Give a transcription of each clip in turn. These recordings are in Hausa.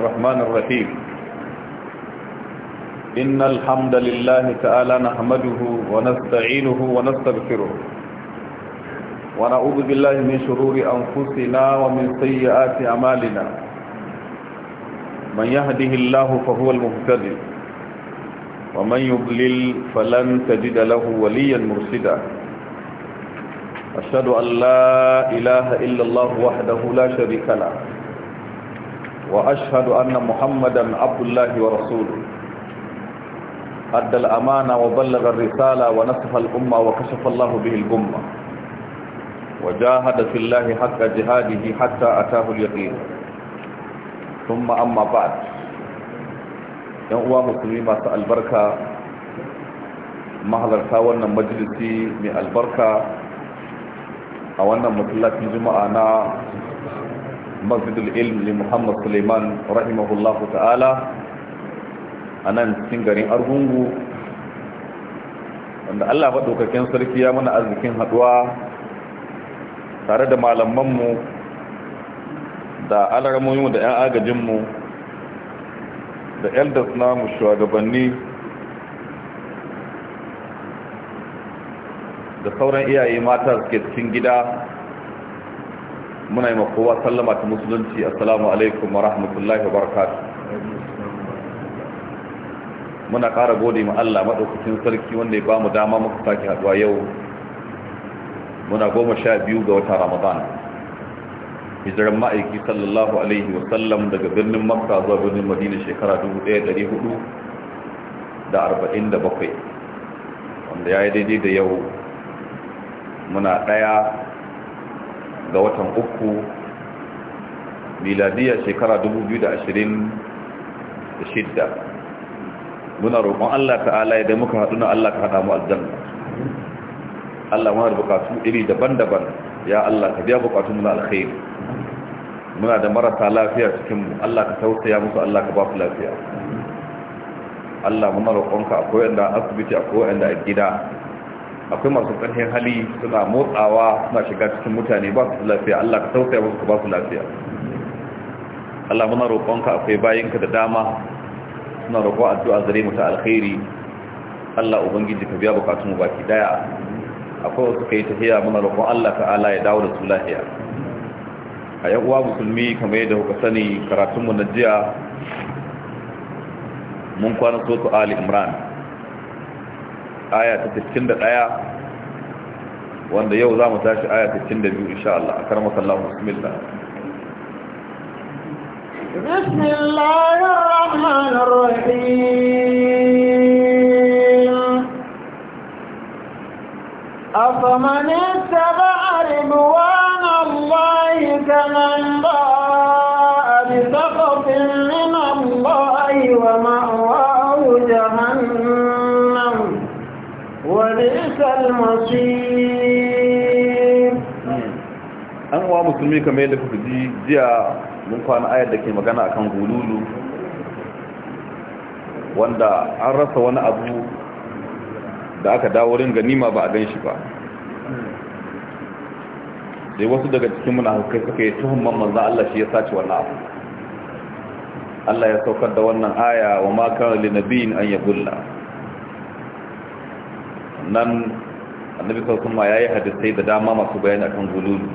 الرحمن الرحيم إن الحمد لله تعالى نحمده ونستعينه ونستغفره ونعوذ بالله من شرور أنفسنا ومن سيئات أمالنا من يهده الله فهو المهتدي ومن يضلل فلن تجد له وليا مرشدا أشهد أن لا إله إلا الله وحده لا شريك له وأشهد أن محمدا عبد الله ورسوله أدى الأمانة وبلغ الرسالة ونصف الأمة وكشف الله به الأمة وجاهد في الله حق جهاده حتى أتاه اليقين ثم أما بعد ينقوى مسلمة البركة mahalar wannan majalisi mai albarka a wannan matsalafin juma'a na مسجد العلم لمحمد muhammad suleiman rahimahullahu ta'ala a nan cikin garin argungu wanda allah maɗaukakin sarki ya mana arzikin haɗuwa tare da malamanmu da alarmoyinmu da 'yan agajinmu da elders namu shugabanni da sauran iyaye mata suke cikin gida muna yi makowa sallama ta musulunci assalamu alaikum wa rahmatullahi wa barakatu muna kara gode ma Allah maɗaukacin sarki wanda ya ba mu dama muka sake haɗuwa yau muna goma sha biyu ga wata ramadan hijiran ma'aiki sallallahu alaihi wa sallam daga birnin makka zuwa birnin madina shekara 1447 wanda ya yi daidai da yau muna ɗaya ga watan uku miladiyar shekara 2026 muna roƙon Allah ta'ala idan muka haɗu na Allah ka haɗa mu aljanna Allah muna da bukatu iri daban-daban ya Allah ka biya bukatu muna alkhairi muna da marasa lafiya cikinmu Allah ka tausaya musu Allah ka ba su lafiya Allah muna roƙonka akwai wanda asibiti akwai wanda a gida akwai masu ƙarfin hali suna motsawa suna shiga cikin mutane ba su lafiya Allah ka tausaya musu ka ba su lafiya Allah muna roƙonka akwai bayinka da dama suna roƙon addu'a zare mu ta alkhairi Allah ubangiji ka biya bukatun mu baki daya akwai wasu kai tafiya muna roƙon Allah ta'ala ya dawo da su lafiya a yan uwa musulmi kamar yadda kuka sani karatun mu na jiya mun kwana sotu Ali Imran aya ta 61 wanda yau za mu tashi aya ta 62 insha Allah a karamar sallahu bismillah بسم الله الرحمن الرحيم أفمن اتبع رضوان الله كمن باء بسخط من الله ومعه an wa musulmi kamar yadda kuka ji jiya mun kwana ayar da ke magana akan gululu wanda an rasa wani abu da aka dawo rin ganima ba a gan shi ba sai wasu daga cikin munafukai suka yi tuhumman manzan Allah shi ya sace wannan abu Allah ya saukar da wannan aya wa ma kana linabiyin an yabulla nan annabi ma ya yi hadisai da dama masu bayani akan gululu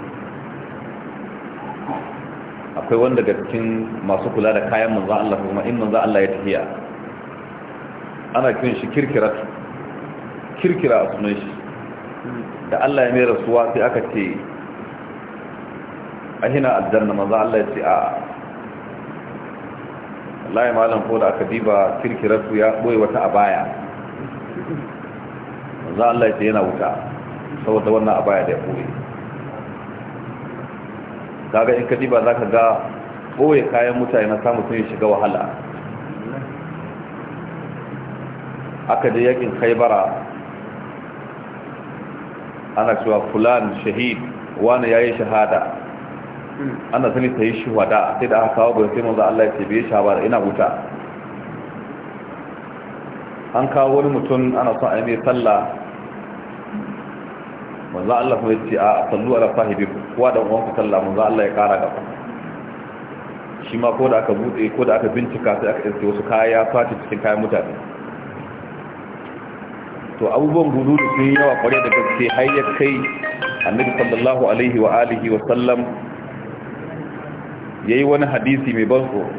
akwai wanda daga cikin masu kula da kayan manza Allah kuma in manza Allah ya tafiya ana kiran shi kirkira kirkira a sunan shi da Allah ya mera suwa sai aka ce ahina aljanna manza Allah ya ce a ya malam ko da aka diba su ya boye wata abaya za Allah ya yana wuta saboda wannan abaya da ya ɓoye ga in ka ba za ka ga ɓoye kayan mutane na samun sun shiga wahala aka je yakin bara. ana cewa fulan shahid wani ya yi shahada ana sani ta yi shuhada sai da aka kawo bai sai manzo Allah ya ce bai sha da ina wuta an kawo wani mutum ana son a yi sallah manzo Allah kuma yace a sallu ala sahibi kowa da uwanku sallah manzo Allah ya kara gaba shi ma ko da aka bude ko da aka bincika sai aka tsaye wasu kaya fati cikin kayan mutane to abubuwan gudu da sun yawa kware da gaske har ya kai annabi sallallahu alaihi wa alihi wa sallam yayi wani hadisi mai ban tsoro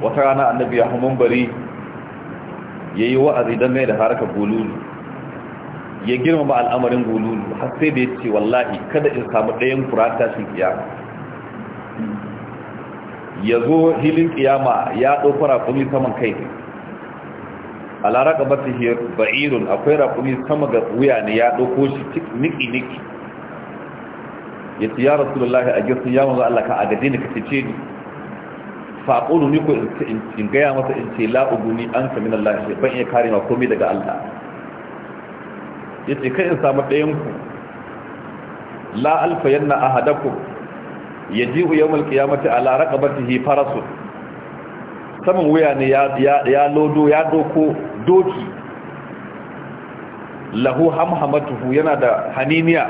wata rana annabi ya hamun bari yayi wa'azi mai da harkar bululu ya girmama al'amarin gululu har sai da ya ce wallahi kada in samu ɗayan kurata shi kiyama ya zo hilin kiyama ya ɗaukar raƙumi saman kai ne a laraka ba ba'irun akwai raƙumi sama ga wuya ne ya ɗauko shi niki-niki ya ce ya rasu lallahi a girsun ya manzo Allah ka agaje ni ka ce ni faƙonu ni ko in gaya masa in ce ni an sami lallahi ban iya kare ma komai daga Allah ya ce kai in samu ɗayanku la alfa yanna a hadaku ya ji uyar mace a laraka farasu saman wuya ne ya lodo ya doko doki lahu hamhamatuhu yana da haniniya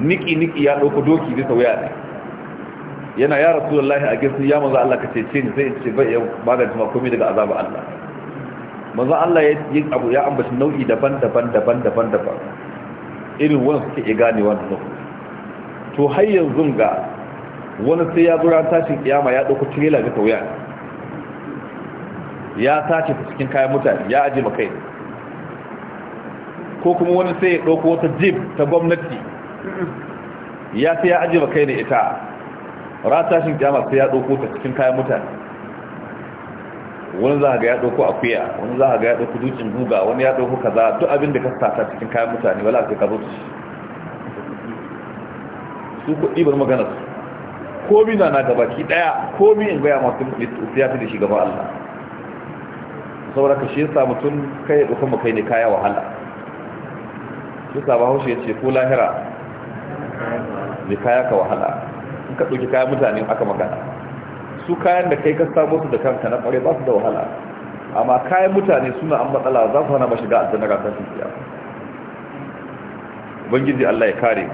niki-niki ya doko doki bisa wuya ne yana ya rasu a gaisu ya maza Allah ka ce ni sai ce bai ya magance makomi daga azaba Allah manzo Allah ya yi abu ya ambaci nau'i daban-daban daban-daban daban irin wani suke iya gane wannan nau'i to har yanzu ga wani sai ya zura tashin kiyama ya dauko tirela ga wuya ya sace ta cikin kayan mutane ya aje makai ko kuma wani sai ya dauko wata jeep ta gwamnati ya sai ya aje makai ne ita ra tashin kiyama sai ya dauko ta cikin kayan mutane wani za a ga ya ɗauko akuya wani za a ga ya ɗauko dukin guga wani ya ɗauko kaza duk abin da ka sata cikin kayan mutane wala sai ka zo su kuɗi bar magana su komi na na gaba ki ɗaya komi in gaya masu siyasa da shi gaba Allah saboda ka shi yasa mutum kai ya ɗaukan makai ne kaya wahala shi yasa ba haushe ya ce ko lahira ne kaya ka wahala in ka ɗauki kayan mutane aka magana su kayan da kai ka samu da kanka na kware ba su da wahala amma kayan mutane suna an matsala za su hana ba shiga aljanna ga tashin ubangiji Allah ya kare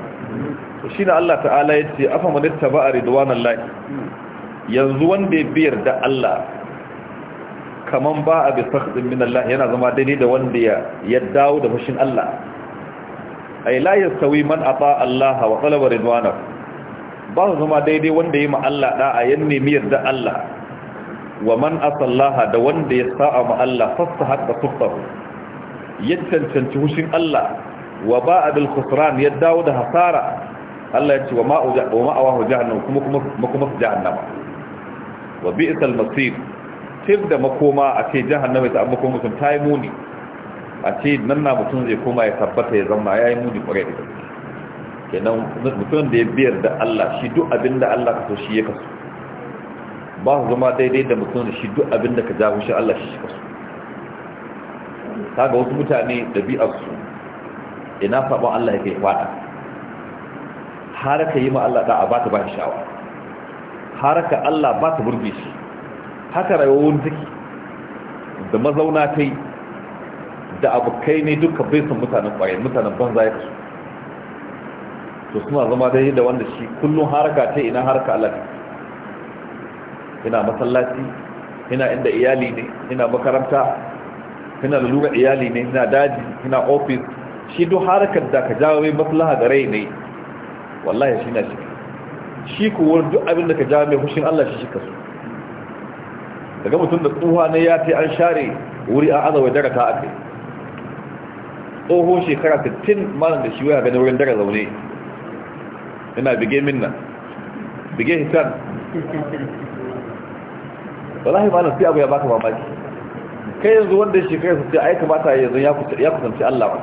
to na Allah ta'ala yace afa a ittaba'a ridwanallahi yanzu wanda ya biyar da Allah kaman ba a bisa sakhdin min Allah yana zama daidai da wanda ya ya dawo da fashin Allah ay la yasawi man ata Allah wa talaba ridwanahu ba su zama daidai wanda ya ma Allah a ya nemi yarda Allah wa man asallaha da wanda ya sa'a ma Allah fasta hadda suftahu ya cancanci hushin Allah wa ba'a bil khusran ya dawo da hasara Allah ya ce wa ma'awahu jahannam kuma kuma kuma jahannama wa bi'sal masir tif da makoma a ce jahannama ta amma kuma ta yi muni a ce nan na mutum zai koma ya tabbata ya zama yi muni kwarai da gaske kenan mutum da ya biyar da Allah shi duk abin da Allah ka so shi ya kasu ba su zama daidai da mutum da shi duk abin da ka jawo shi Allah shi kasu Ta ga wasu mutane su, ina saɓon Allah ya kai faɗa har ka yi ma Allah ɗa'a ba ta ba shi sha'awa har ka Allah ba ta burge shi haka rayuwar ziki da mazauna ta yi da abokai ne duka bai san mutanen ƙwaye mutanen banza ya kasu to suna zama daidai da wanda shi kullum haraka ce ina haraka alaƙi ina masallaci ina inda iyali ne ina makaranta ina lura iyali ne ina daji ina ofis? shi duk harakar da ka jawo mai maslaha ga rai ne wallahi shi na shi shi kuwa duk abin da ka jawo mai hushin Allah shi shi su daga mutum da tsohuwa ne ya ce an share wuri an azawai daga ta a kai Tsohon shekara 15 malam da shi waya gani wurin daga zaune ina bige minna bige hitan wallahi malam sai abu ya baka mamaki kai yanzu wanda shi kai a ai kamata yanzu ya kusanci Allah ba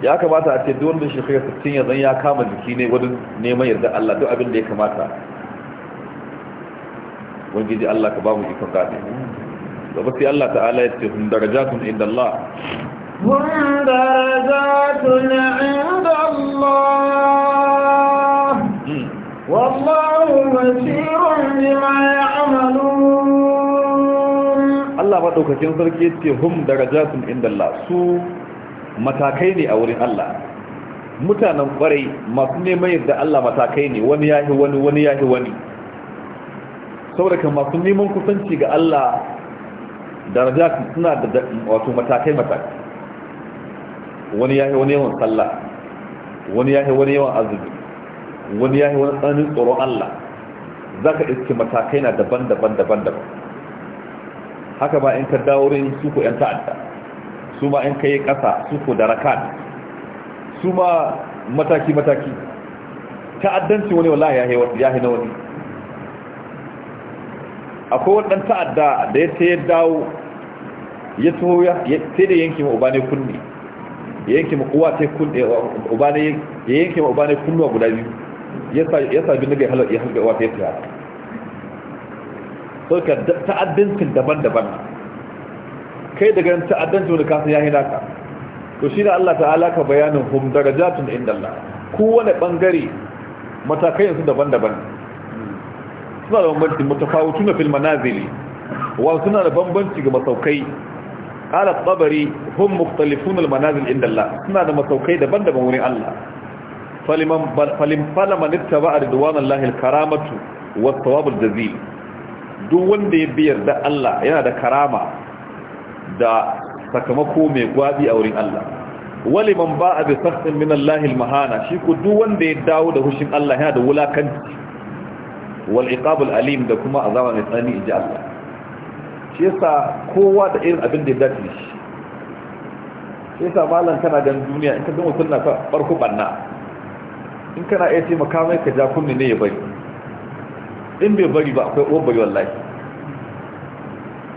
ya kamata a ce duk wanda shi kai sai yanzu ya kama jiki ne wurin neman yarda Allah duk abin da ya kamata Wani wangiji Allah ka ba mu ikon gane gaba sai Allah ta'ala ya ce hun darajatun inda Allah hun darajatun inda Allah Allah بما يعملون sarki ce hum يتي هم inda Allah su matakai ne a wurin Allah mutanen kwarai masu neman yadda Allah matakai ne wani yahi wani wani yahi wani saboda kan masu neman kusanci ga Allah daraja suna da wato matakai matakai wani yahi wani yawan sallah wani yahi wani yawan azumi wani yahi wani tsanin tsoron Allah za ka iske matakai na daban-daban daban-daban haka ba in ka daurin su ko 'yan ta'adda su ma in ka yi ƙasa su ko da rakan su ma mataki-mataki ta'addanci wani wala ya na wani akwai waɗanda ta'adda da ya ce ya dawo ya taho ya sai da yanki wa ubane kunne ya yanki wa uwa kunne ya guda biyu ya sabi na bai halar ya halbe wata ya tsaya so ka ta'addinsu daban-daban kai daga ta'addinsu wani kasan ya hina ka to shi ne Allah ta'ala ka bayanin hum da inda Allah kowane bangare matakai yanzu daban-daban suna da bambanci mutafawutu na fil manazili wa suna da bambanci ga masaukai ala tsabari hun mukhtalifun al manazil inda Allah suna da masaukai daban-daban wurin Allah faliman faliman ittaba ridwanallahi alkaramatu wathawabul jazil duk wanda ya biyar da Allah yana da karama da sakamako mai gwabi a wurin Allah wali man ba'a bi sakhin min Allah almahana shi ku duk wanda ya dawo da hushin Allah yana da wulakanci wal iqab alim da kuma azaba mai tsani inji Allah shi yasa kowa da irin abin da ya dace shi shi yasa malan kana gan duniya in ka zama sunna ka barku banna in kana iya taimaka makamai ka ja kunni ne ya bari in bai bari ba akwai obari wallahi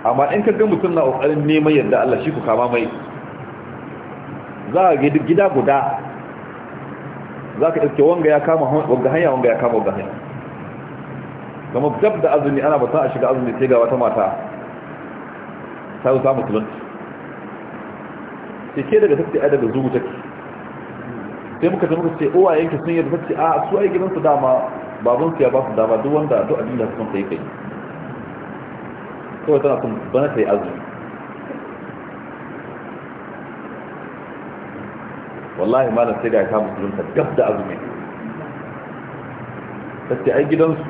amma in ka ga mutum na ƙoƙarin neman yadda Allah shi ku kama mai za a ga gida guda za ka iske wanga ya kama wanga hanya wanga ya kama wanga hanya gama dab da azumi ana ta a shiga azumi sai ga wata mata ta zo samun tulunci ke daga tafi a daga zugu take sai muka ta muka ce uwayenka sun yarda ce a su ai gidansu dama su ya ba su dama duk wanda duk abin da sun kai kai kawai tana sun bana ta yi azumi wallahi malam sai da ya musulun ta gab da azumi ta ce ai gidansu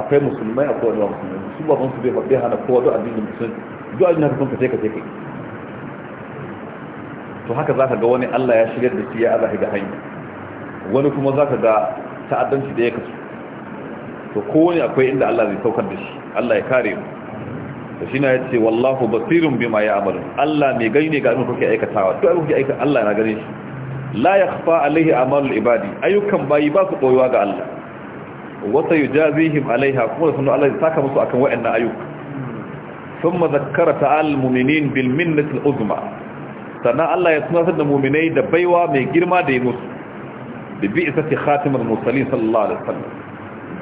akwai musulmai akwai wani musulmai su su bai hana kowa duk abin da sun duk abin da sun kai ka kai to haka za ka ga wani Allah ya shigar da shi ya azahi ga hanya wani kuma za ka ga ta'addanci da ya kasu to kowane akwai inda Allah zai saukar da shi Allah ya kare mu to shi na yace wallahu basirun bima ya ya'malun Allah mai gani ne ga abin kuke aikatawa duk abin kuke aika? Allah na gane shi la yakhfa alaihi amalul ibadi ayyukan bayi ba su koyuwa ga Allah wa sayujazihim alaiha kuma da sunu Allah zai saka musu akan wa'annan ayyuka thumma zakkara ta'al mu'minin bil minnati al-uzma sannan Allah ya tunatar da muminai da baiwa mai girma da yi musu da bi isa ce khatimar musalin sallallahu alaihi wasallam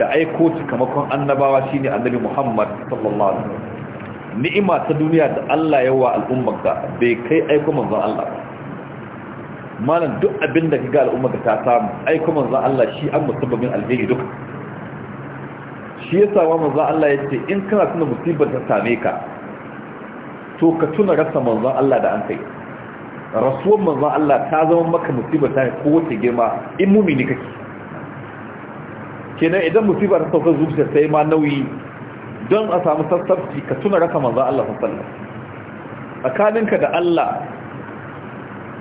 da aiko cikamakon annabawa shine annabi Muhammad sallallahu alaihi wasallam ni'ima ta duniya da Allah ya wa al'ummarka bai kai aiko manzon Allah malam duk abin da al'ummar al'ummarka ta samu aiko manzon Allah shi an musabbabin alheri duka shi yasa wa manzon Allah ya ce in kana tuna musibar ta same ka to ka tuna rasa manzon Allah da an kai rasuwar manzan Allah ta zama maka musibar ta kowace girma in ne kake kenan idan musibar ta sauka zuciya sai ma nauyi don a samu sassabci ka tuna rasa manzan Allah sassallar tsakaninka da Allah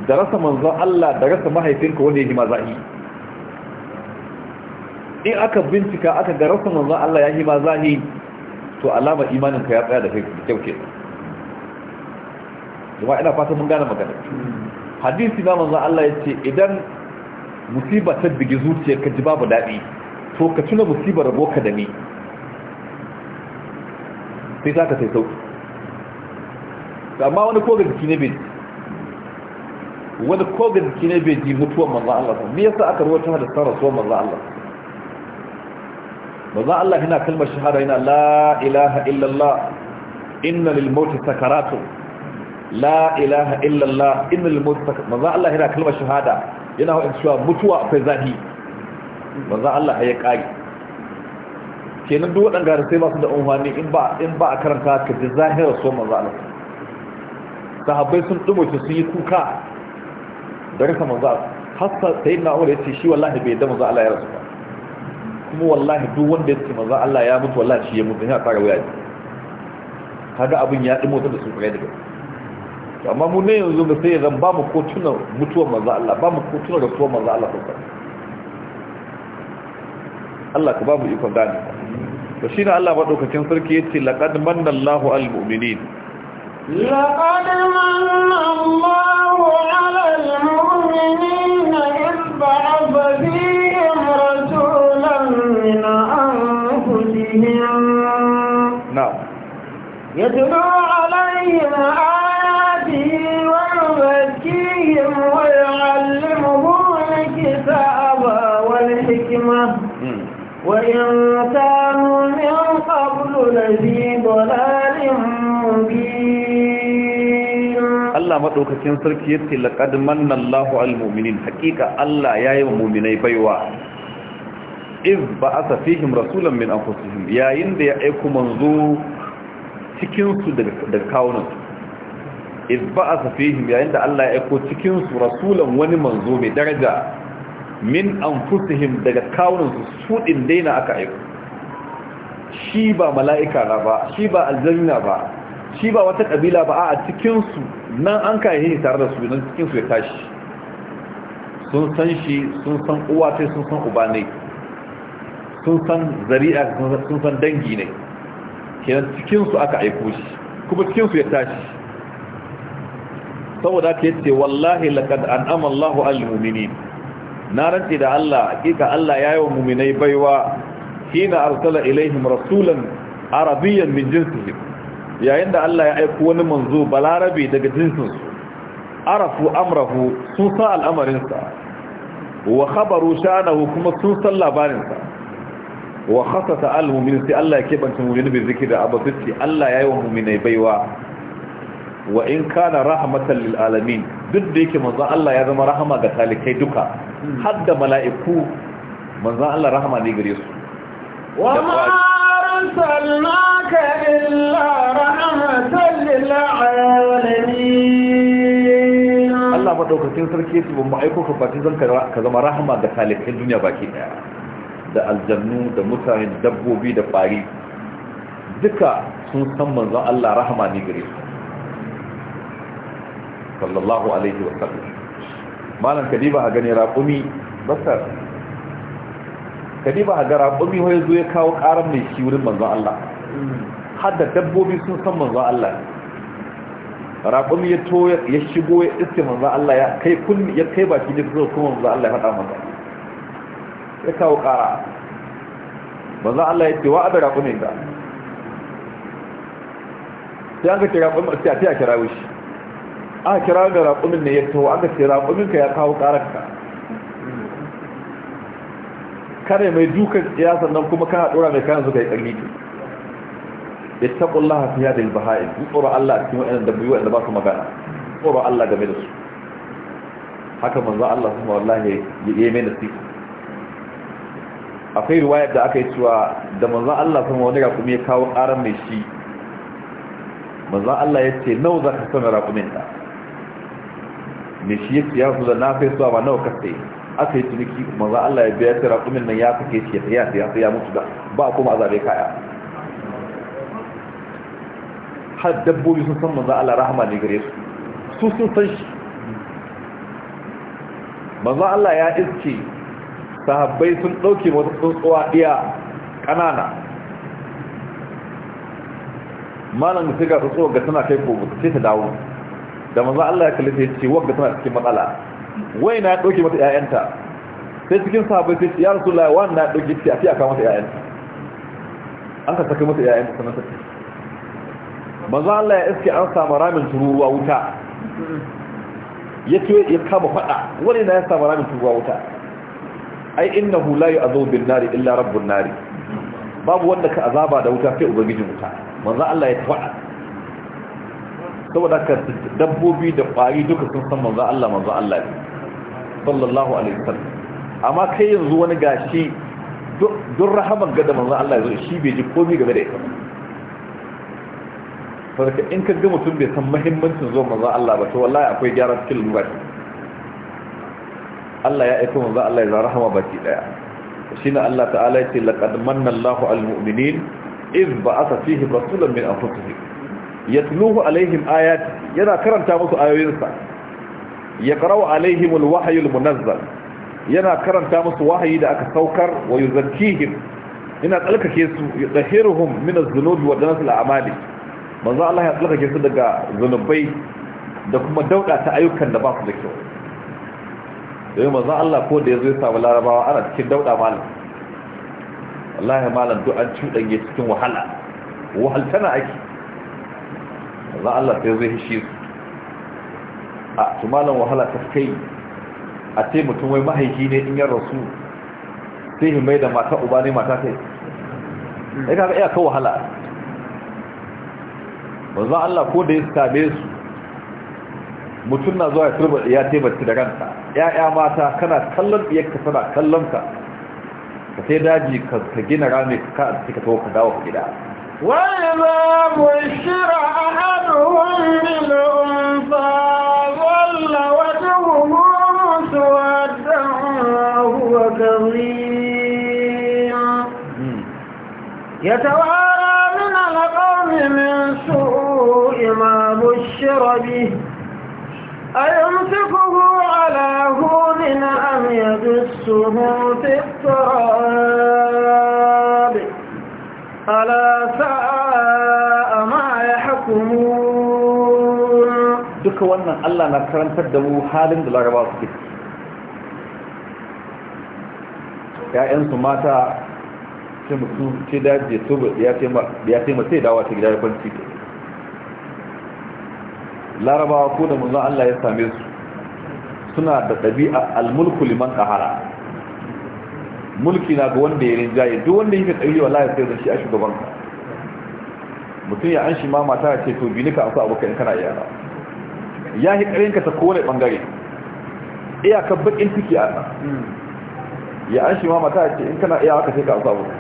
da rasa manzan Allah da rasa mahaifinka wanda ya yi mazaƙi, in aka bincika aka ga rasa manzan Allah ya yi mazaƙi to alama imaninka ya tsaya da kyau kenan da ina fata mun gane magana hadisi na manzan Allah ya ce idan musiba ta bigi zuciya ka ji babu daɗi to ka tuna musibar rabo ka da ni sai za ka sai sauki amma wani koga jiki ne bai wani koga jiki ne bai ji mutuwar manzan Allah me yasa aka rubuta da tsara so manzan Allah manzan Allah yana kalmar shahada yana la ilaha illallah inna lil mauti sakaratun la ilaha illallah innal mutaka maza Allah yana kalmar shahada yana hawa cewa mutuwa akwai zafi Maza Allah ya kage kenan duk wadanda ga sai ba su da unwani in ba in ba a karanta ka ji zahira so manzo Allah sahabbai sun dumace su yi kuka da rasa manzo Allah hasa sayyidina Umar yace shi wallahi bai da maza Allah ya rasu ba kuma wallahi duk wanda yace maza Allah ya mutu wallahi shi ya mutu yana tsara wuya kaga abin ya dimo da su kare daga amma mu ne yanzu da sai zan ba mu kotuna mutuwar manzo Allah ba mu kotuna da tuwar maza Allah kuka Allah ka ba mu ikon gane to ne Allah madaukakin sarki yace laqad manna Allahu al mu'minin laqad manna Allahu 'ala al mu'minina id ba'atha fihim rasulan min anfusihim na'am ya ويعلمهم الكتاب والحكمة وإن كانوا من قبل لذي ضلال Allah maɗaukacin sarki ya ce laƙad manna Allahu al-muminin haƙiƙa Allah ya yi wa muminai baiwa iz ba a safihim rasulun min an fusuhim yayin da ya aiku manzo cikinsu da kawunansu izba'a safihim yayin da Allah ya aiko cikin su rasulan wani manzo mai daraja min anfusihim daga kawunan su sudin daina aka aiko shi ba mala'ika na ba shi ba aljanna ba shi ba wata kabila ba a cikin su nan an ka yi tare da su nan cikin su ya tashi sun san shi sun san uwa sai sun san uba ne sun san zari'a sun san dangi ne kenan cikin su aka aiko shi kuma cikin su ya tashi saboda ka yace wallahi laqad an'ama Allahu 'alal mu'minin na rantsi da Allah hakika Allah ya yi wa mu'minai baiwa hina arsala ilaihim rasulan arabiyyan min jinsihim yayin da Allah ya aika wani manzo balarabi daga jinsin su arafu amrahu sun sa al'amarin sa wa khabaru shanahu kuma sun san labarin sa wa khassata al-mu'min sai Allah ya kebanta mu'min bi zikri da abatisti Allah ya yi wa mu'minai baiwa wa in kana rahmatan lil alamin duk da yake manzon Allah ya zama rahama ga talikai duka har da mala'iku manzon Allah rahama ne gare su wa ma arsalnaka illa rahmatan lil alamin Allah madaukakin sarki yace ban aiko ka fatin zanka ka zama rahama ga talikai duniya baki daya da aljannu da mutane da dabbobi da fari duka sun san manzon Allah rahama ne gare su sallallahu alaihi wa sallam malam kadiba a gani raƙumi basar kadiba a ga raƙumi wai zo ya kawo ƙarar mai shi wurin manzon Allah har da dabbobi sun san manzo Allah raƙumi ya to ya shigo ya iske manzo Allah ya kai kun ya kai baki ne kuma manzo Allah ya fada manzo ya kawo ƙara manzo Allah ya ce wa abin raƙumin ka sai an ka kira ƙwamar sai a kira wushi aka kira ga raƙumin ne ya taho aka ce raƙumin ka ya kawo ƙararka kare mai dukan siyasa nan kuma kana ɗora mai kayan zuka ya ƙarni ki ya taɓa Allah fi yadda baha'in in tsoron Allah a cikin biyu wa'in waɗanda ba su magana tsoron Allah game da su haka manzo Allah kuma wallahi ya yi mai nasiha akwai riwayar da aka yi cewa da manzo Allah kuma wani kuma ya kawo ƙaran mai shi manzo Allah ya ce nau za ka sanar raƙumin ta mai shi yake ya kula na fai suwa ba nawa kasta yi aka yi tuniki maza Allah ya biya ta raƙumin nan ya kake shi ya tsaya sai ya mutu da ba kuma a zaɓe kaya har dabbobi sun san maza Allah rahama ne gare su su sun san shi maza Allah ya iske sahabbai sun ɗauke wata tsuntsuwa ɗiya ƙanana malam sai ga tsuntsuwa ga tana kai kogo sai ta dawo da manzo Allah ya kalle sai ce wanda tana cikin matsala wai na ɗauki mata 'ya'yanta sai cikin sahabbai sai ya rasulullahi wannan na dauke a fi aka mata 'ya'yanta. an ka saka mata sanar sanan ta manzo Allah ya iske an samu ramin turuwa wuta ya ce ya kama fada wani na ya samu ramin turuwa wuta ai innahu la yu'adhu bin nari illa rabbun nari babu wanda ka azaba da wuta sai ubangijin wuta manzo Allah ya fada saboda ka dabbobi da ƙwari duka sun san manzo Allah manzo Allah ne sallallahu alaihi wasallam amma kai yanzu wani gashi duk rahaman gada manzo Allah yazo shi bai ji komai game da ita saboda in ka ga mutum bai san muhimmancin zuwa manzo Allah ba to wallahi akwai gyara cikin lura Allah ya aika manzo Allah ya zara rahama baki daya shine Allah ta'ala ya ce laqad manna Allahu al-mu'minin iz ba'atha fihi rasulan min anfusihim yatluhu alaihim ayat yana karanta musu ayoyinsa ya qarawa alaihim alwahyu almunazzal yana karanta musu wahayi da aka saukar wa yuzakkihim ina tsalkake su ya dahiruhum min az-zunubi wa danas al-a'mali manzo Allah ya tsalkake su daga zunubai da kuma dauda ta ayyukan da ba su da kyau dai manzo Allah ko da yazo ya samu larabawa ana cikin dauda malam wallahi malam duk an cuɗanye cikin wahala wahaltana ake za Allah sai zai shi a tumalan wahala ta kai a ce mutum wai mahaiki ne in yar rasu sai shi mai da mata uba ne mata kai ya kaga iya ka wahala wanzan Allah ko da ya same su mutum na zuwa ya turba ya taimaci da ranta ya'ya mata kana kallon biyarka tana kallon ka ka sai daji ka gina rami ka ka dawo ka gida وإذا بشر أحدهم وجهه وهو يتوارى من القوم من سوء ما بشر به أيمسكه على هون أم يدسه في التراب ألا ساء ما يحكمون دك وانا الله نكرم تدمو حال لغباء سكت يا أنتم ماتا ce mutu ce daji ya taimata dawa ta gida ya kwanci larabawa ko da manzon Allah ya same su suna da ɗabi'a almulku liman ƙahara mulki na ga wanda ya rinjaye duk wanda yake tsayi wallahi sai da shi a shugaban ka mutum ya an shi ma mata ce to bi ka asu abokan kana iyana ya yi karin ka ta kowane bangare iyakar bakin ciki a ya an shi ma mata ce in kana iya haka sai ka asu abokan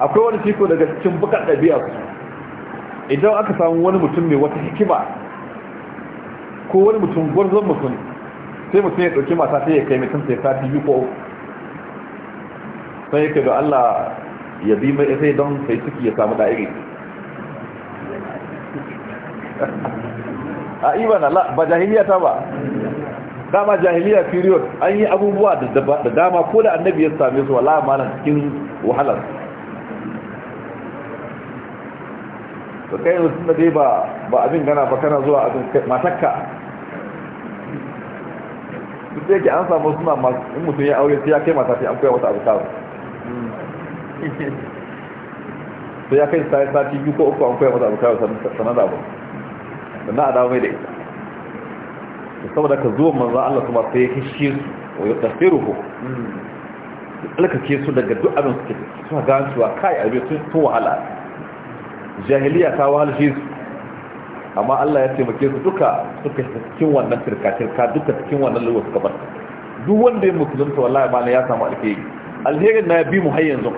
akwai wani ciko daga cikin bukan ɗabi'a su idan aka samu wani mutum mai wata hikima ko wani mutum gwarzon mutum sai mutum ya ɗauki mata sai ya kai mutum sai ta fi ko sai yake da Allah ya bi mai sai don sai ciki ya samu da'iri a Allah ba jahiliya ta ba dama jahiliya period an yi abubuwa da dama ko da annabi ya same su wala nan cikin wahalar to kai yanzu da dai ba ba abin gana ba kana zuwa abin matakka duk yake an samu suna masu in mutum ya aure sai ya kai mata sai an koya wata abu ta sai ya kai sai sati biyu ko uku an koya wata abu ta sanar da abu sannan a dawo mai da ita saboda ka zuwa manzan Allah kuma sai ya kishe su wa ya ruhu ku alkake su daga duk abin suke suna gansuwa kai abin sun wahala jahiliya ta wahalshe su amma Allah ya taimake su duka suka cikin wannan tirka-tirka duka cikin wannan lura suka bar duk wanda ya musulunta wallahi malam ya samu alheri alherin na ya bi mu har yanzu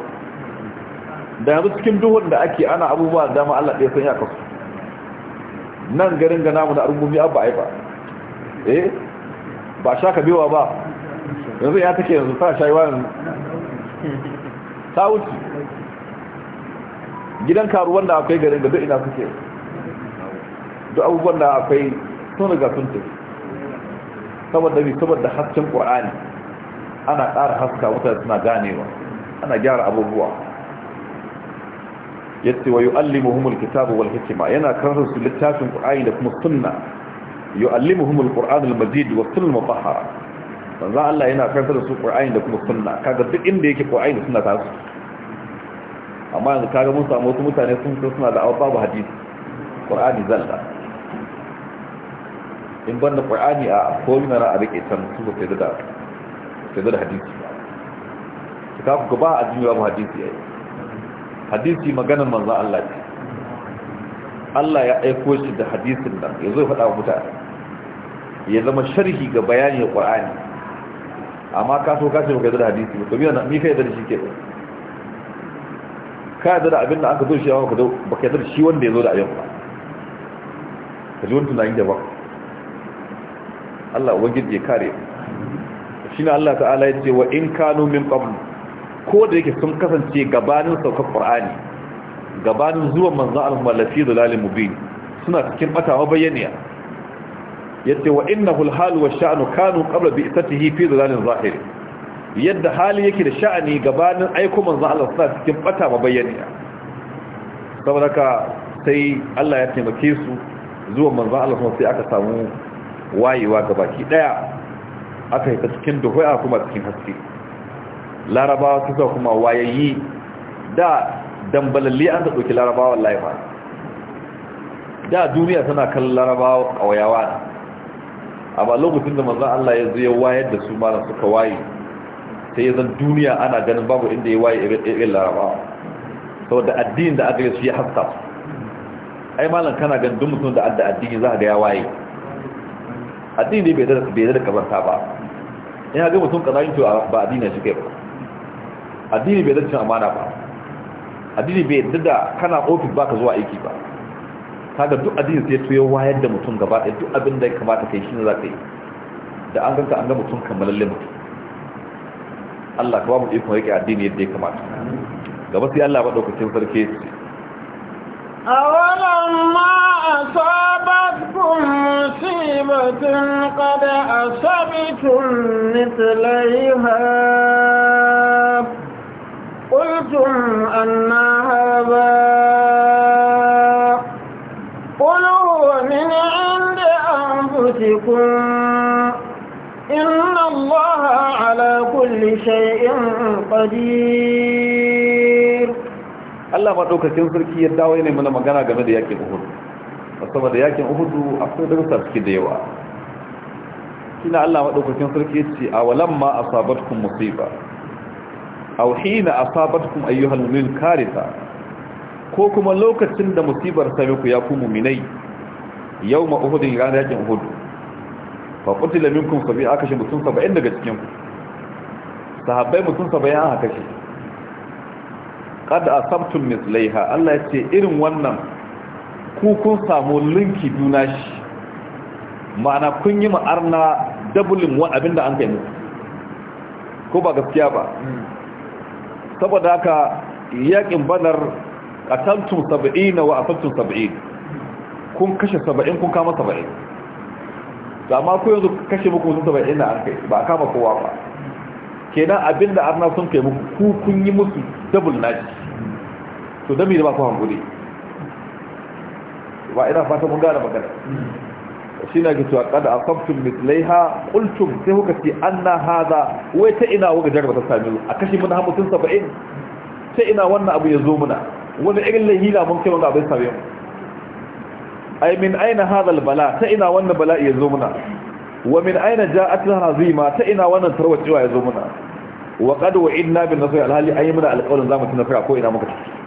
da yanzu cikin duhun da ake ana abubuwa da dama Allah ɗaya san ya kasu nan garin ga namu da arubumi abba ai ba eh ba sha ka bewa ba yanzu ya take yanzu sa shayi wani ta wuce gidan karuwan da akwai garin da duk ina suke duk abubuwan da akwai sun riga sun tafi saboda bi saboda hasken qur'ani ana ƙara haska mutane suna ganewa ana gyara abubuwa Ya ce wa yu'allimuhumul kitabu wal hikima, yana karanta su littafin qur'ani da kuma sunna yu'allimuhumul qur'anul majid wa sunnal mutahhara manzo Allah yana karanta da su qur'ani da kuma sunna kaga duk inda yake qur'ani da suna ta amma yanzu kaga mun samu wasu mutane sun suna da babu hadisi qur'ani zalla in ban da ƙwa'ani a komi na a rike can su ba sai da hadisi ka kuka ba a jini babu hadisi yayi hadisi maganin manzan Allah ce Allah ya aiko shi da hadisin nan ya zo faɗa wa mutane ya zama sharhi ga bayani ƙwa'ani amma ka so ka ce baka da hadisi ba to biya ni ka yadda da shi ke ba ka yadda da abin da aka zo shi ya ba yadda da shi wanda ya zo da abin ba ka ji wani tunanin da ba Allah ubangiji ya kare shine Allah ta'ala ya ce wa in kanu min qabl ko da yake sun kasance gabanin saukar qur'ani gabanin zuwan manzon Allah malafi dalalin mubin suna cikin batawa bayyaniya yace wa innahu al-hal wa sha'nu kanu qabla bi'tatihi fi dalalin zahir yadda hali yake da sha'ani gabanin aiko manzon Allah suna cikin batawa bayyaniya saboda ka sai Allah ya taimake su zuwan manzon Allah sai aka samu wayewa gabaki daya aka yi cikin duhuwa kuma cikin haske larabawa suka kuma wayayi da dambalalli an da ɗauki larabawa laifa da duniya tana kan larabawa ƙawayawa a ba lokacin da manzan Allah ya zai wayar da su mara suka waye sai ya zan duniya ana ganin babu inda ya waye irin larabawa saboda addinin da aka yi su ya haska ai malam kana ganin duk mutum da adda addini za ga ya waye addini bai da kazanta ba in haɗe mutum yin to ba addini shi kai ba addini bai da cin amana ba addini bai yadda da kana ofis ba ka zuwa aiki ba kaga duk addini sai to ya wayar da mutum gaba ɗaya duk abin da ya kamata kai shi ne za ka yi da an ganka an ga mutum kamalalle mutum Allah ka ba mu ikon rike addini yadda ya kamata gaba sai Allah ba ɗaukacin sarki wannan ma asabatkum نعمة قد أصبتم مثليها قلتم أن هذا قل هو من عند أنفسكم إن الله على كل شيء قدير Allah maɗaukakin sarki ya dawo yana mana magana game da yakin Uhud. sama da yakin uhudu akwai darussa suke da yawa kina Allah madaukakin sarki yace a walamma asabatkum musiba aw a asabatkum ayyuhal mu'minun karita ko kuma lokacin da musibar sami ku ya ku mu'minai yawma uhudin ranar yakin Uhudu. uhud fa lamin minkum sabi aka shi mutum 70 daga cikin ku sahabbai mutum 70 aka Kada a asabtum mislaiha Allah ce irin wannan ku kun samu linki duna shi ma'ana kun yi ma'arna dabulin wa abinda an kai mutu ko ba gaskiya ba saboda haka yakin banar saba'i na wa asabtum saba'i kun kashe saba'in kun kama 70 ma ku yanzu kashe muku sun saba'in na an kai ba kama kowa ba kenan abinda arna sun kai muku ku kun yi musu na shi to dami da ba ku hankuri ba ina fata mun gane magana shi na gito a kada a kwamfin mitlaiha kultum sai kuka ce an na haza wai ta ina wuga jarba ta sami a kashi mun hamu tun saba'in ta ina wannan abu ya zo muna wani irin lahila mun kai wani abin sami mu ai min aina haza bala ta ina wannan bala'i ya zo muna wa min aina ja'at hazima ta ina wannan tarwacewa ya zo muna wa qad wa'idna bin nasr alhali ayyuna alqawlan zamu tunafira ko ina muka tafi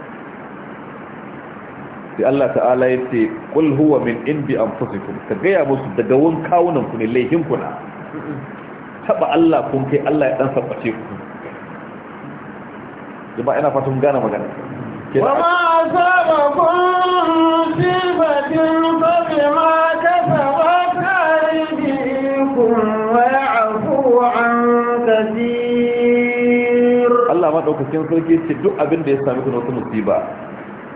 sai Allah ta'ala ya ce kul huwa min indi anfusikum ka gaya musu daga wun kawunan ku ne laifin ku na taba Allah kun kai Allah ya dan sabbace ku jama'a ina fatan gane magana wa ma asabakum fi batin fa bima kasabat aydikum wa ya'fu an kaseer Allah madaukakin sarki ce duk abin da ya sami ku na wata musiba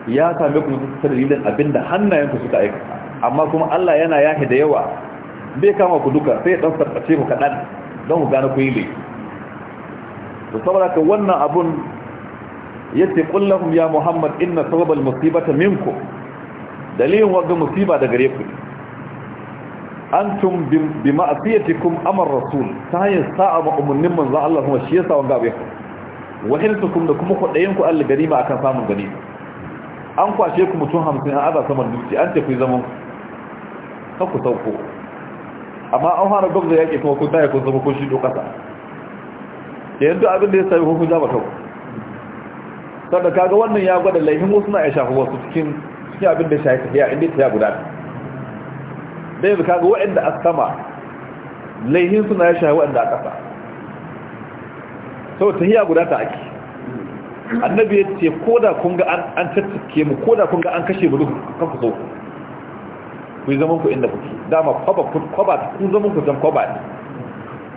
ya same ku ta dalilin abinda hannayenku suka aikata amma kuma Allah yana yahi da yawa bai kama ku duka sai ya dan sarkace ku kadan don ku gane ku yi laifi to saboda ka wannan abun yace qul ya muhammad inna sababal musibata minkum dalilin wa ga musiba da gare ku antum bi ma'siyatikum amar rasul ta yin sa'a ba umunnin manzo Allah kuma shi yasa wanga bai wahiltukum da kuma kudayen ku al ganima akan samun ganima an kwashe ku mutum hamsin an aza saman dutse an tafi zaman kan ku sauko amma an fara gwamza ke kuma kun daya kun zama kun shido ƙasa yanzu abin da ya sami hukun jama kau. kanku sannan kaga wannan ya gwada laifin wasu na ya shafi wasu cikin cikin abin da shafi tafiya inda ta ya guda da yanzu kaga waɗanda a sama laifin suna ya shafi waɗanda a ƙasa sau tafiya guda ta ake annabi ya ce ko da kun ga an tattake mu ko da kun ga an kashe mu kan ku so ku yi zaman ku inda kuke dama kwaba kwaba ku zaman ku zan kwaba ne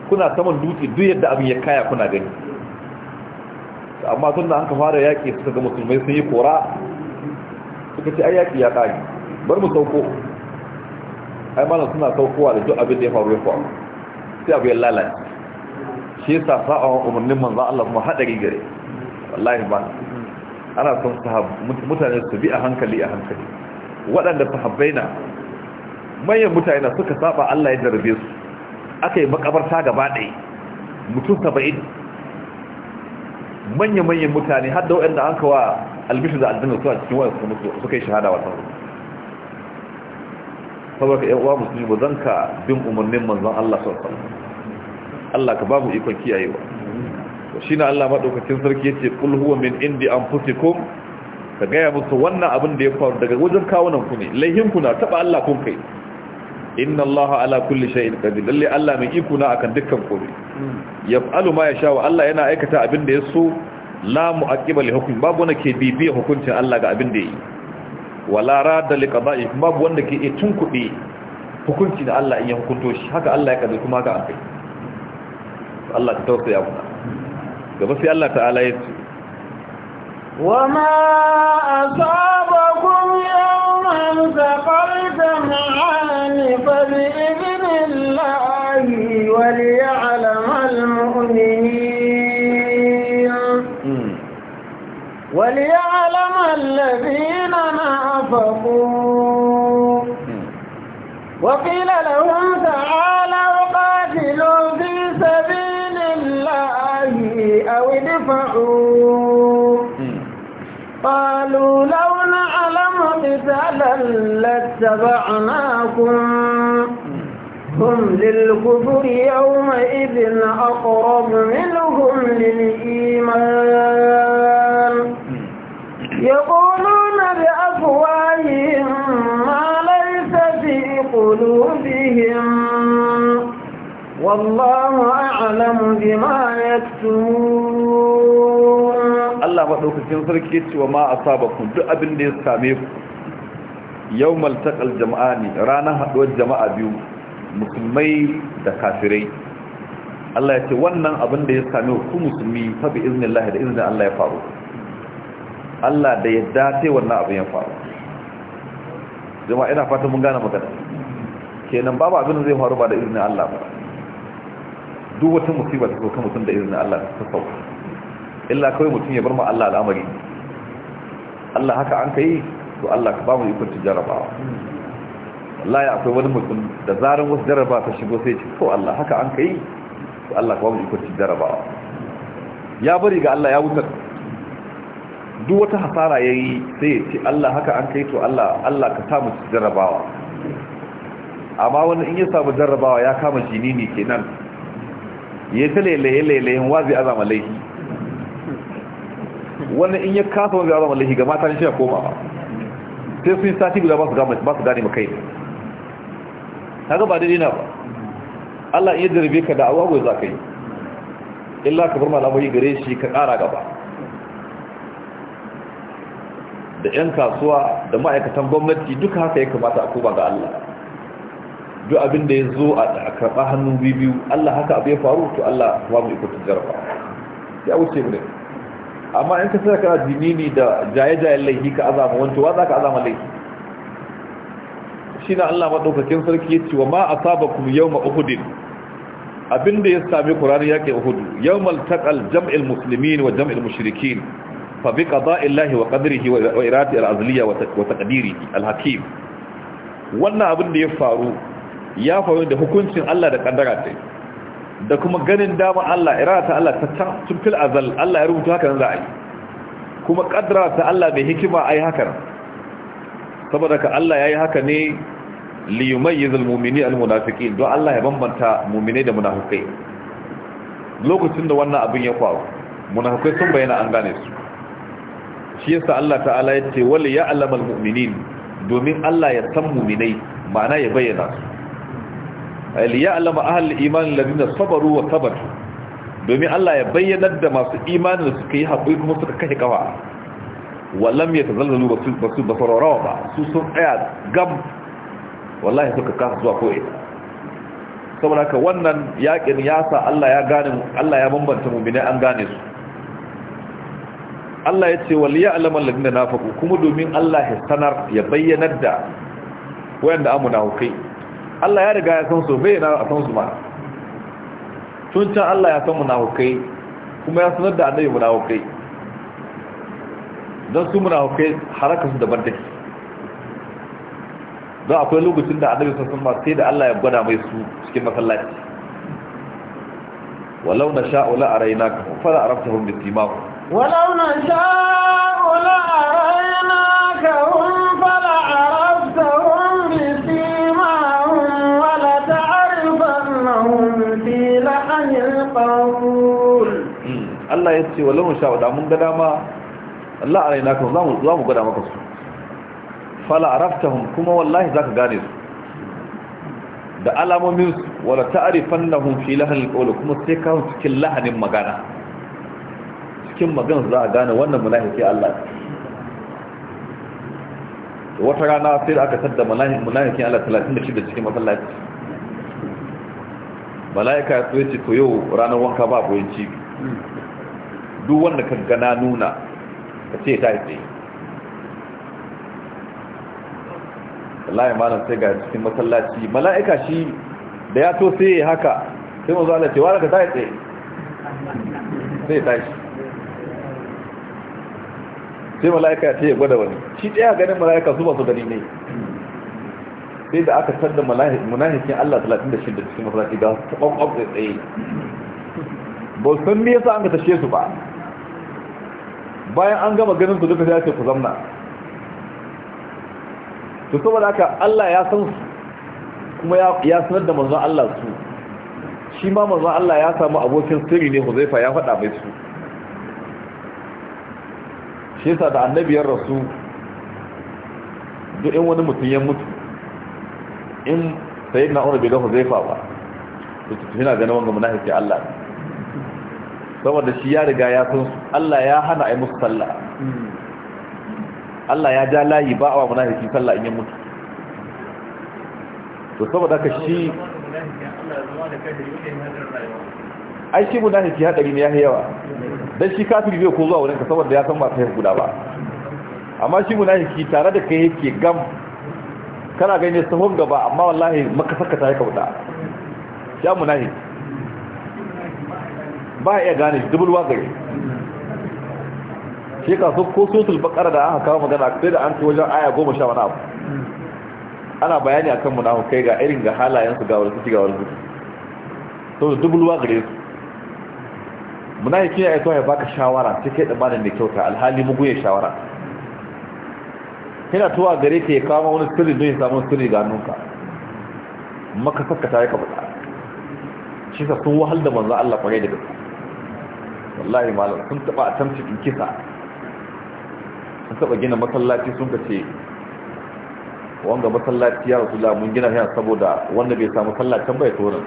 kuna saman dutse duk yadda abin ya kaya kuna gani amma tun da an ka fara yaƙi suka ga musulmai sun yi kora suka ce ai yaƙi ya ƙari bar mu sauko ai mana suna saukowa da duk abin da ya faru ya faru sai abu ya lalace shi yasa sa'a umarnin manzo Allah kuma hadari gare wallahi ba ana son mutane su bi a hankali a hankali waɗanda sahabbai na manyan mutane na suka saba Allah ya jarabe su aka yi makabarta gaba ɗaya mutum saba'in manya-manyan mutane har da waɗanda an kawa albishu da aljanna a cikin waɗanda suka mutu suka yi shahada wata ruwa saboda yan uwa musulmi ba zan ka bin umarnin manzon Allah sallallahu alaihi wasallam Allah ka babu ikon kiyayewa shi na Allah maɗaukacin sarki ya ce ƙulhuwa min indi an fusi ko ka gaya musu wannan abin da ya faru daga wajen kawunan ku ne laihinku na taɓa Allah kun kai inna Allah ala kulli shay'in qadir lalle Allah mai iko na akan dukkan ya alu ma ya sha wa Allah yana aikata abin da ya yaso la mu'aqqiba li hukm babu wanda ke bibiya hukuncin Allah ga abin da yi wala rada li qada'i babu wanda ke tun kuɗi hukunci da Allah in ya hukunto shi haka Allah ya kaddara kuma ga an kai Allah ta tausaya mana gaba sai Allah ta'ala ya ce وما أصابكم يوم التقلتم عن فبإذن الله وليعلم المؤمنين وليعلم الذين نافقوا وقيل لهم تعالوا قالوا لو نعلم قتالا لاتبعناكم هم للكفر يومئذ أقرب منهم للإيمان يقولون بأفواههم ما ليس في قلوبهم والله أعلم بما يكتمون Allah maɗaukakin sarki cewa ma a sabakun duk abin da ya same ku yau maltakal jama'a ne ranar haɗuwar jama'a biyu musulmai da kafirai Allah ya ce wannan abin da ya same ku musulmi fa bi iznin Allah da iznin Allah ya faru Allah da ya dace wannan abin ya faru jama'a ina fata mun gane magana kenan babu abin zai faru ba da iznin Allah ba duk wata musiba ta sauka mutum da iznin Allah ta sauka illa kawai mutum ya bar ma Allah al'amari Allah haka an kai to Allah ka ba mu ikon jarabawa wallahi akwai wani mutum da zarar wasu jaraba ta shigo sai ce to Allah haka an kai to Allah ka ba mu ikon jarabawa ya bari ga Allah ya wutar duk wata hasara yayi sai ya ce Allah haka an kai to Allah Allah ka sa mu jarabawa amma wani in ya samu jarrabawa ya kama jinini kenan ya ta lele lele wazi azama laifi wannan in ya kasa wanda ya zama lahi ga mata shi ya koma sai sun sati guda ba su gane makai ta gaba da dina ba Allah in ya ka da awa goyi za ka yi illa ka bar malamai gare shi ka kara gaba da 'yan kasuwa da ma'aikatan gwamnati duka haka ya kamata a koma ga Allah duk abin da ya zo a karɓa hannun biyu Allah haka abu ya faru to Allah kuma mu ikuta jarfa ya wuce mu ne amma in ka sai kana jinini da jaye-jayen laifi ka azama wanto wa za ka azama laifi shi na Allah maɗaukakin sarki ya ce wa ma a saba kuma yau ma uhudin abinda ya sami kurari ya ke uhudu yau maltaƙal jam'il musulmin wa jam'il mushrikin fa bi ƙaza illahi wa ƙadirihi wa irati al'azliya wa taƙadiri alhakim wannan abin da ya faru ya faru da hukuncin Allah da ƙaddara ta da kuma ganin dama Allah irada ta Allah ta tun fil azal Allah ya rubuta haka za a yi kuma kadara ta Allah mai hikima a yi haka saboda ka Allah ya yi haka ne liyumai yi al mu'mini al munafiki don Allah ya bambanta mumini da munafukai lokacin da wannan abin ya faru munafukai sun bayyana an gane su shi yasa Allah ta'ala ya ce ya ya'lamal mumini domin Allah ya san mu'minai ma'ana ya bayyana su liya'lama ahlul iman ladina sabaru wa sabatu domin Allah ya bayyanar da masu imanin da suka yi kuma suka kashe kawa wallam ya tazalzalu ba su ba saurarawa ba su sun tsaya gab wallahi suka kasa zuwa ko ina saboda haka wannan yakin ya sa Allah ya gane Allah ya bambanta mu'mini an gane su Allah ya ce wal ya'lamu na nafaqu kuma domin Allah ya sanar ya bayyanar da wayanda amuna hukai Allah ya riga ya san su bai na san su ba tun can Allah ya san munafukai kuma ya sanar da annabi munafukai don su munafukai haraka su daban take don akwai lokacin da annabi sun san ba sai da Allah ya gwada mai su cikin masallaci walau na sha'u la arainaka fa la arabtahum bi timahum walau na sha'u la arainaka ya ce wallahi sha da mun ga dama Allah alaina ka za mu za mu gada maka su fala araftahum kuma wallahi zaka gane su da alamomin su wala ta'rifannahum fi lahnil qawl kuma sai ka cikin lahanin magana cikin magana za a gane wannan munafiki Allah wata rana sai da aka sadda mala'ikin Allah 36 cikin masallaci mala'ika ya tsoye ce ko yau ranar wanka ba boyin cibi duk wanda ka gana nuna ka ce ta yi tsaye Allah malam sai ga cikin masallaci mala'ika shi da ya to sai haka sai mazu ala ce wadda ka ta yi tsaye sai ta shi sai mala'ika ya ce ya gwada wani shi ɗaya ganin mala'ika su masu gani ne sai da aka sanda munahikin Allah 36 cikin masallaci ga taɓon tsaye ba san me yasa an ka tashe su ba bayan an gama ganin ku duka sai ku zamna to saboda haka Allah ya san kuma ya sanar da manzon Allah su shi ma manzon Allah ya samu abokin sirri ne Huzaifa ya faɗa mai su shi yasa da annabiyar rasu duk in wani mutum ya mutu in sayyidina Umar bai ga Huzaifa ba to tuna ganin wannan munafiki Allah ne saboda shi ya riga ya sun Allah ya hana a yi musu sallah Allah ya ja layi ba awa munafiki sallah in yi mutu to saboda ka shi ai shi munafiki hadari ne ya yawa don shi kafin bai ko zuwa wurinka saboda ya san ba ta guda ba amma shi munafiki tare da kai yake gam kana ganin sahun gaba amma wallahi maka saka ta yi wuta ya munafiki ba ya gane dubulwa gari shi ka so ko sosul bakara da aka kawo magana sai da an ci wajen aya goma sha wani abu ana bayani akan kai ga irin ga halayensu ga wani suke ga wani suke to da dubulwa gare su munafiki ya aito ya baka shawara sai kai tsammanin da kyauta alhali mugu ya shawara yana tuwa gare ka ya kama wani sirri don ya samu sirri ga nunka maka sakka ta yi ka faɗa shi sa sun wahal da manzan Allah kwarai da gaske wallahi malam sun taba attempted din kisa sun taba gina masallaci sun kace wanga masallaci ya da mun gina shi saboda wanda bai samu sallacin bai torin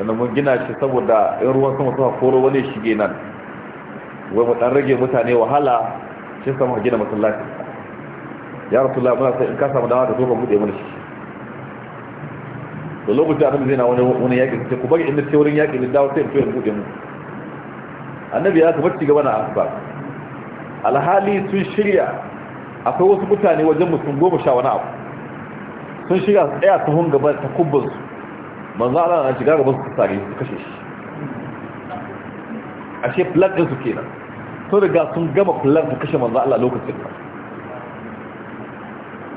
sannan mun gina shi saboda yan ruwan sama suka koro wani shige nan wai mu dan rage mutane wahala shi sama gina masallaci ya rasulullah muna sai in ka samu dawa da zo ka bude mana shi da lokacin da aka na wani wani yaƙi sai ku bari inda sai wurin yaƙi da dawo sai in fiyar buɗe mu annabi ya kuma cigaba na asuba alhali sun shirya akwai wasu mutane wajen musu goma sha wani abu sun shirya su tsaya su hun gaba ta kubbansu manzo Allah na shiga gaba su tsare su kashe shi ashe plan din su kenan to daga sun gama plan su kashe manzo Allah lokacin nan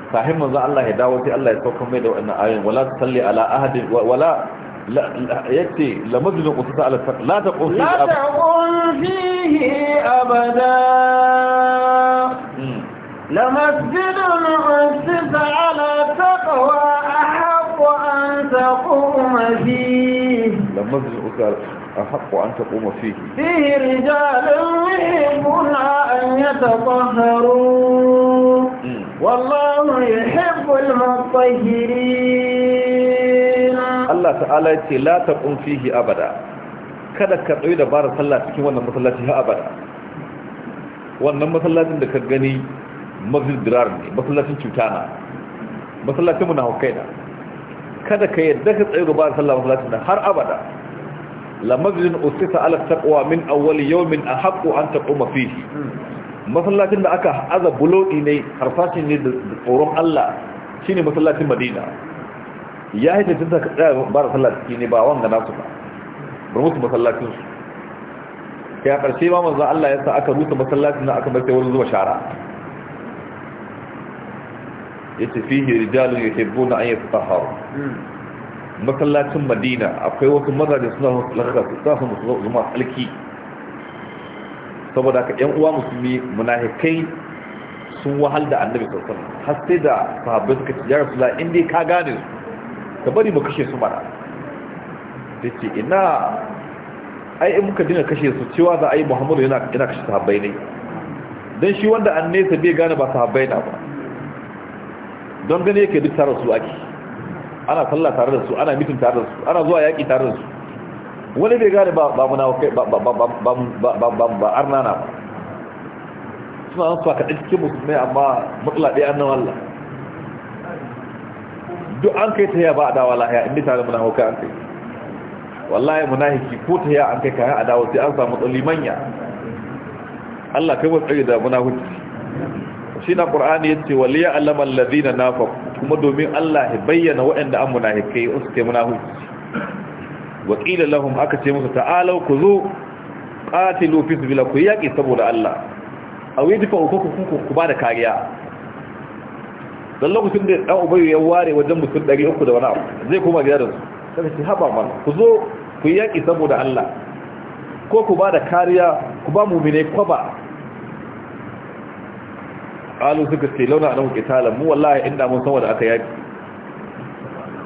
kahin manzo Allah ya dawo sai Allah ya sauka mai da wannan ayoyin wala salli ala ahadin wala yati la majlun qutsa ala sak la taqul fihi abada la taqul fihi abada لمسجد أسس على تقوى an taqum تقوم فيه لمسجد أسس أحق أن تقوم فيه فيه رجال يحبون أن يتطهروا والله يحب المطهرين الله تعالى يتي لا تقوم فيه أبدا kada ka tsaye da bara sallah cikin wannan masallaci ha abada wannan masallacin da ka gani masjid dirar ne masallacin cuta na masallacin mu na hukaina kada ka yadda ka tsaye da bara sallah masallacin har abada la masjidin usita ala taqwa min awwal yawmin ahqqu an taquma fihi hmm. masallacin da aka aza bulodi ne harfashin ne da tsoron Allah shine masallacin Madina ya haita tun ka tsaya ba da sallah ne ba wanga nasu ba bar musu masallacinsu. Kai a ƙarshe ma manzo Allah ya sa aka rusa masallacin na aka bar sai wani zuwa shara Ya yace ya rijalun yuhibbuna an yatahharu masallacin Madina akwai wasu mazaje suna lakaka su sa su zama alki saboda ka yan uwa musulmi munafikai sun wahal da annabi sallallahu alaihi wasallam har sai da sahabbai suka ce ya rasula indai ka gane su ka bari mu kashe su ba da. ce ina ai in muka dinga kashe su cewa za a yi muhammadu yana yana kashe sahabbai ne dan shi wanda an nesa bai gane ba sahabbai na ba don gane yake duk tare su ake ana sallah tare da su ana mitin tare da su ana zuwa yaki tare da su wani bai gane ba munafukai ba ba ba arnana ba suna an suwa kaɗa cikin musulmai amma matsala ɗaya annan Allah duk an kai ta yaya ba a dawa lahiya inda tare munafukai an kai wallahi hiki ko ta yaya an kai kayan a dawa sai an samu tsalli manya Allah kai wasu tsaye da hutu. shi na ƙur'ani ya ce waliya alamar lazina nafa kuma domin Allah ya bayyana waɗanda an hikai in muna hutu. waƙila lahum aka ce musu ta'alau ku zo ƙatilu fi zubila ku yaƙi saboda Allah a wani dufa uku ku ba da kariya don lokacin da dan ubayu ya ware wajen mutum ɗari uku da wani abu zai koma gida da su sai ce haba mana ku zo ku yaƙi saboda Allah ko ku ba da kariya ku ba mumine kwaba alu suka ce launa a nan ku mu wallahi inda mun san wanda aka yaki.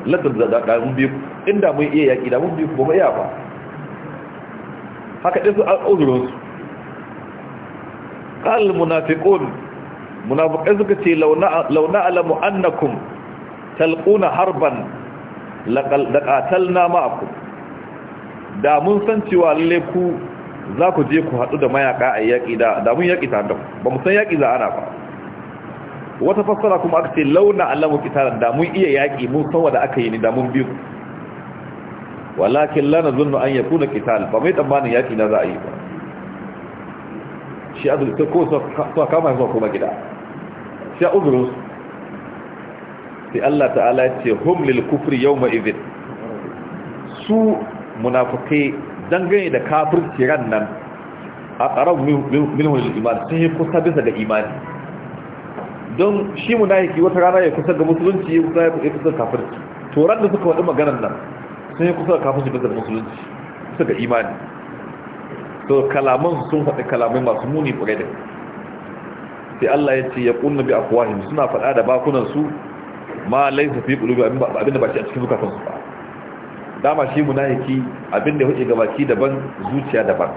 ladda da mun biyu inda mun iya yaƙi da mun bi ba iya ba haka ɗin su al'uzurin su ƙal munafiqun munafiqai suka ce launa alamu annakum talquna harban da qatalna ma'akum da mun san cewa lalle ku za ku je ku haɗu da mayaka a yaƙi da da mun yaƙi ta da ba mu san yaƙi za ana ba wata fassara kuma aka ce launa alamu qitalan da mun iya yaƙi mun san wanda aka yi ni da mun biyu walakin la nazunnu an yakuna qital ba mai tsammanin yaki na za a yi ba shi azu ta ko ka kama zuwa kuma gida shi uzurus sai Allah ta'ala ce hum lil kufri yawma idhin su munafiki dangane da kafirci ran nan a qarab min lil iman sai kusa bisa ga imani don shi munafiki wata rana ya kusa ga musulunci ya kusa ga kafirci to ran da suka wadi maganar nan sai kusa kafin shiga da musulunci ga imani to kalaman sun faɗi kalamai masu muni ƙwarai da sai Allah ya ce ya kunna bi afwahim suna faɗa da bakunan su ma laysa fi ƙulubi abinda ba shi a cikin zukatan su ba dama shi munafiki abinda yake ga baki daban zuciya daban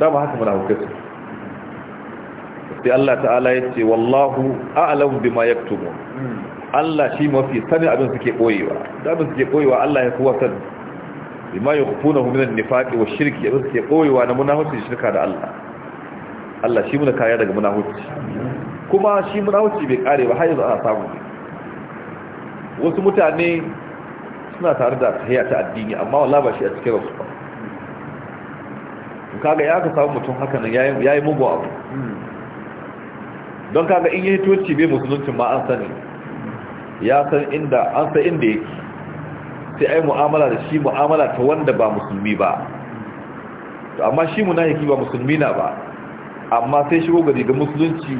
dama haka munafikai su sai Allah ta'ala ya ce wallahu a'lamu bima yaktumun hmm. Allah shi mafi sanin abin suke boyewa da abin suke boyewa Allah ya kuwa san bima yakhfunahu minan nifaqi wa shirki abin suke boyewa na munafici shirka da Allah Allah shi muna kaya daga munafici kuma shi munafici bai kare ba har yanzu ana samu wasu mutane suna tare da tahiya ta addini amma wallahi ba shi a cikin rasu ba kaga ya ka samu mutum haka nan yayi yayi mugu abu hmm. don kaga in yayi toci bai musuluncin ma an sani ya san inda an san inda yake sai ai mu'amala da shi mu'amala ta wanda ba musulmi ba to amma shi munafiki ba musulmi na ba amma sai shigo gari ga musulunci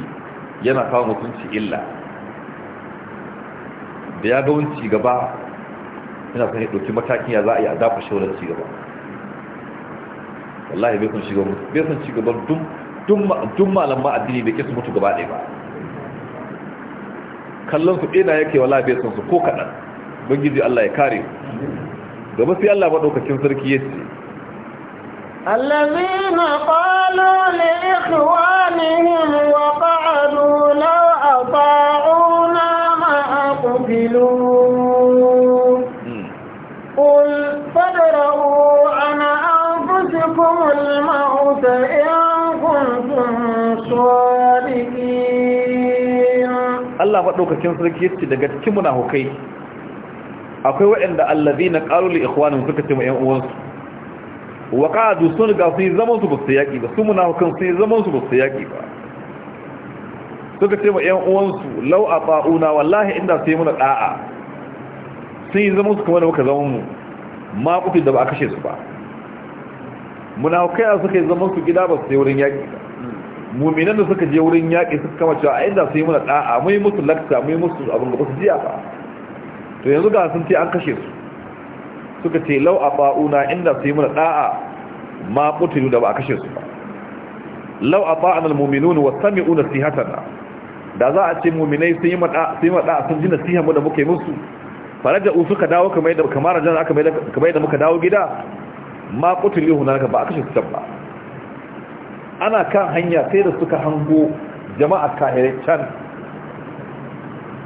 yana kawo musulunci illa da ya ga wani gaba yana kan yi ɗauki matakin ya za a yi a dafa shawarar cigaba wallahi bai kun shiga bai kun shiga dun dun malam ma addini bai kisa mutu gaba ɗaya ba kallon su ina yake wala bai son su ko kaɗan bangiji Allah ya kare gaba sai Allah maɗaukakin sarki ya ce الذين قالوا لإخوانهم وقعدوا maɗaukakin sarki yace daga cikin munafukai akwai waɗanda allazina qalu li ikhwanihim suka ce ma ƴan uwansu wa qadu sun ga su zaman su ba su yaki ba su munafukan sai zaman su ba su yaki ba suka ce ma ƴan uwansu law ata'una wallahi inda sai muna da'a sun yi zaman su kamar muka zaman mu ma kufi da ba a kashe su ba munafukai suka yi zaman su gida ba su sai wurin yaki ba muminan da suka je wurin yaƙi suka kama cewa a inda su yi muna ɗa'a mai musu lakta mai musu abin da ba su jiya ba to yanzu ga sun ce an kashe su suka ce lau a ba'una inda su yi muna ɗa'a ma kutu da ba a kashe su ba lau a ba'an al-muminu ne wasu sami una na da za a ce muminai sun yi muna ɗa'a sun ji nasiha mu da muke musu faraja u suka dawo kamar da da muka dawo gida ma kutulu hunaka ba a kashe su ba ana kan hanya sai da suka hango jama'a kahirai can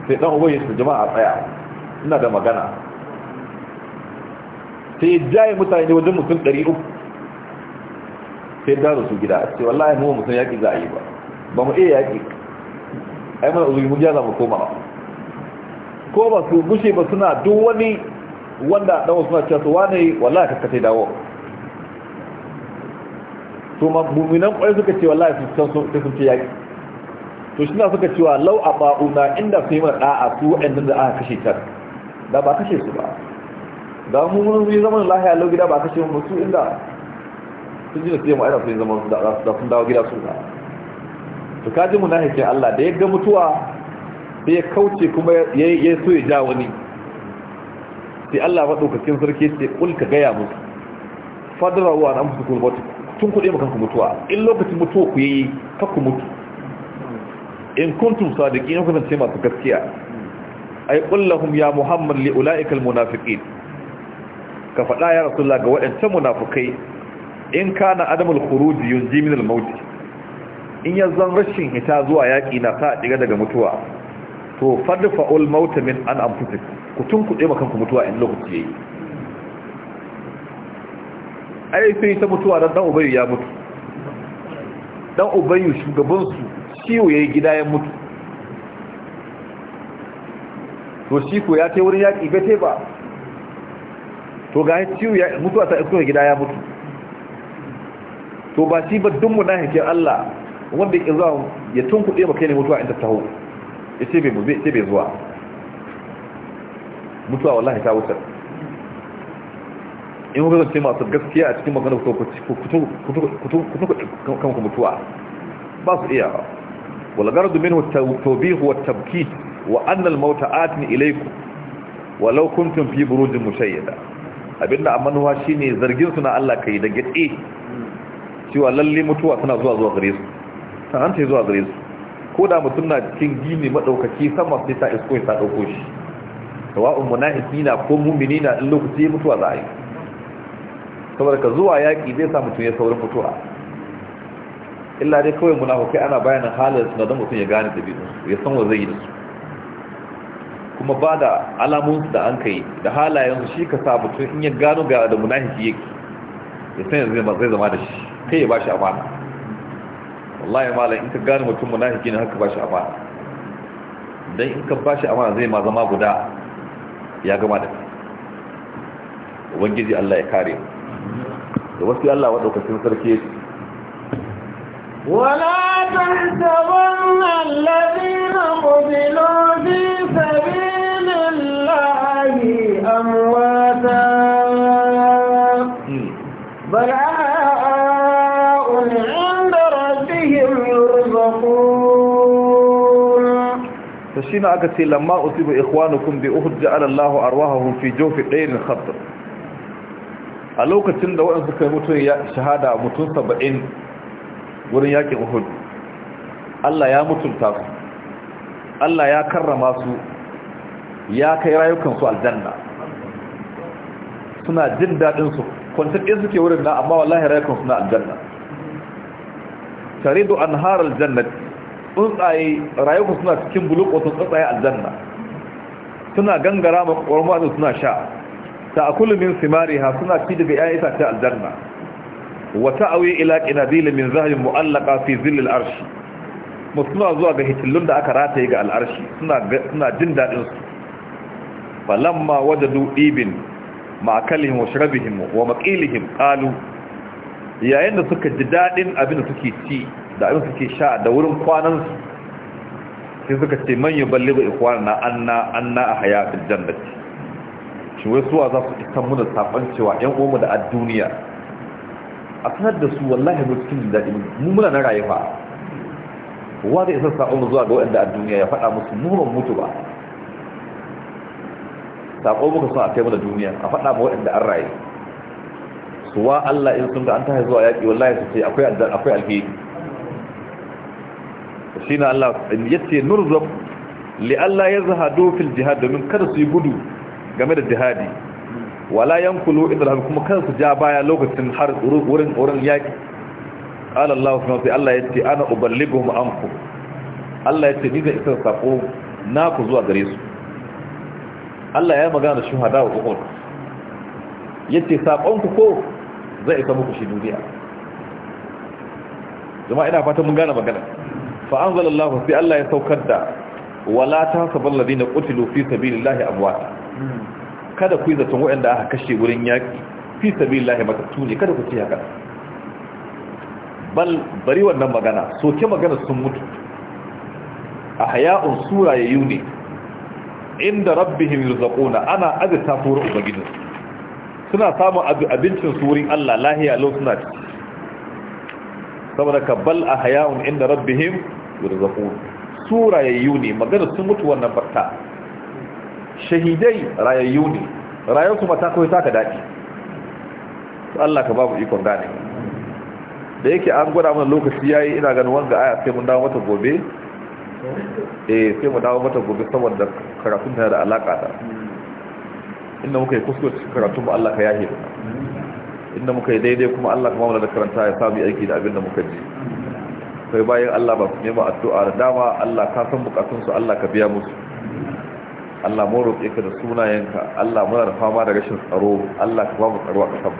sai dan ubayi su jama'a tsaya ina da magana sai jaye mutane wajen mutum 300 sai daro su gida sai wallahi mu mutum yaƙi za a yi ba ba mu iya yaki yi mana uzuri mun jaza mu koma ko ba su gushe ba suna duk wani wanda dan wasu na cewa su wane wallahi kakkatai dawo to mu'minan kwai suka ce wallahi su san sun sun ce yaƙi to shi na suka cewa lau a na inda su yi mana ɗa'a su waɗannan da aka kashe can da ba kashe su ba da mu mun yi zaman lahiya lau gida ba kashe mu su inda sun ji da su yi ma'aikata su yi zaman da sun dawo gida su ba to kaji mu nahikin Allah da ya ga mutuwa sai ya kauce kuma ya so ya ja wani sai Allah maɗaukakin sarki ce ga gaya musu fadrawa na musu kulmatu tun kuɗe maka kanku mutuwa in lokacin mutuwa ku yi ka mutu in kuntum sadiqin ku kasance masu gaskiya ai qul ya muhammad li ulaika ka faɗa ya rasulullah ga waɗancan munafukai in kana adamul khuruj yunji min almaut in yazan rashin hita zuwa yaki na sa diga daga mutuwa to fadfa'ul maut min an anfusikum ku tun kuɗe maka kanku mutuwa in lokaci yayi ai sai ta mutuwa dan dan ubayu ya mutu dan ubayu shugaban su ciwo yayi gida ya mutu to shi ko ya kai wurin yaki ba te ba to ga ciwo ya mutuwa ta isko gida ya mutu to ba shi ba dun munafikin Allah wanda ke zuwa ya tunkuɗe kai ne mutuwa inda taho ya ce bai zuwa mutuwa wallahi ta wuce in kuka zance masu gaskiya a cikin maganar kutu mutuwa ba su iya domin minhu tawbihu wa tabkit wa annal mauta atin ilaiku walau kuntum fi burujin mushayyada abinda amanuwa ne zargin suna Allah kai da gade cewa lalle mutuwa suna zuwa zuwa gare su ta ta zuwa gare su ko da mutum na cikin gini madaukaki sama sai ta isko ta dauko shi sawa'un munafiki na ko mu'mini na in lokaci mutuwa za a yi saboda ka zuwa yaƙi zai sa mutum ya saurin mutuwa. illa dai kawai munafukai ana bayanin halin su na don mutum ya gane ɗabi'unsu ya san wa zai yi da su kuma ba da alamunsu da an kai da halayensu shi ka sa mutum in ya gano ga da munafiki yake ya san yanzu zai zama da shi kai ya ba shi amana wallahi malam in ka gane mutum munafiki ne haka ba shi amana dan in ka ba shi amana zai ma zama guda ya gama da kai ubangiji Allah ya kare mu da wasu Allah waɗaukacin sarki ya ce wala tarta wannan lalina ƙudilobi sabinin lahari amwata bala shi na aka ce lamma usibu ikhwanukum bi uhud ja'ala Allahu arwahahum fi jawfi dayn khatr a lokacin da waɗansu kai mutum ya shahada mutum saba'in wurin yakin uhud Allah ya mutunta su Allah ya karrama su ya kai rayukansu aljanna suna jin daɗinsu kwantaɗe suke wurin na amma wallahi rayukansu na aljanna tare da an harar aljanna tsuntsaye rayukansu suna cikin buluk tsuntsaye aljanna suna gangara ma makwarmatsu suna sha ta'kulu min ha suna ci daga ƴaƴan itace aljanna wa ta'awi ila qinadil min zahabin mu'allaqa fi zillil arsh musuna zuwa ga hitillun da aka rataye ga al'arshi suna suna jin dadin su falamma wajadu ibin ma'akalihim wa shurabihim wa maqilihim qalu yayin da suka ji dadin abin da suke ci da abin suke sha da wurin kwanan su sai suka ce man yuballighu ikhwana anna anna ahya fil jannati shi wai suwa za su ikan muna da cewa ‘yan uwanmu da duniya a sanar da su wallahi mu cikin daɗi mu muna na rayuwa Wa zai isa saƙon mu zuwa ga waɗanda a duniya ya faɗa musu muhimman mutu ba saƙon muka so a kai da duniya a faɗa ma waɗanda an raye wa Allah in sun ga an tahi zuwa yaƙi wallahi su ce akwai alheri shi na Allah yace nurzab li Allah ya zahado fil jihad domin kada su yi gudu game da jihadi wala yankulu idan kuma kan su ja baya lokacin har wurin wurin yaki qala Allah subhanahu wa Allah yace ana uballiguhum ankum Allah yace ni zai isar sako na ku zuwa gare su Allah ya magana da shuhada wa ukul yace sakon ku ko zai isa muku shi duniya jama'a ina fatan mun gane magana fa anzalallahu sai Allah ya saukar da wala tahsaballadhina qutilu fi sabilillahi amwata kada ku yi zaton waɗanda aka kashe wurin yaƙi fi sabi lahi matattu ne kada ku ce haka bal bari wannan magana soke magana sun mutu a haya'un sura yi ne inda rabbihim yurzaquna ana azata furu ubangijin suna samun abincin surin wurin Allah lahiya lo suna ci saboda ka bal a haya'un inda rabbihim yurzaquna yi ne magana sun mutu wannan barta shahidai rayayyu ne rayuwar kuma ta kawai taka daɗi Allah ka babu ikon gane da yake an gwada mana lokaci yayi ina ganin wanga aya sai mun dawo mata gobe eh sai mu dawo mata gobe saboda karatun da alaka ta inda muka yi kuskure karatun ba Allah ka yahe mu inda muka yi daidai kuma Allah kuma mana da karanta ya sabu aiki da abin da muka ji sai bayan Allah ba ne nema addu'a da dama Allah ka san bukatunsu Allah ka biya musu Allah mu roƙe ka da sunayenka Allah muna da fama da rashin tsaro Allah ka ba mu tsaro a kasan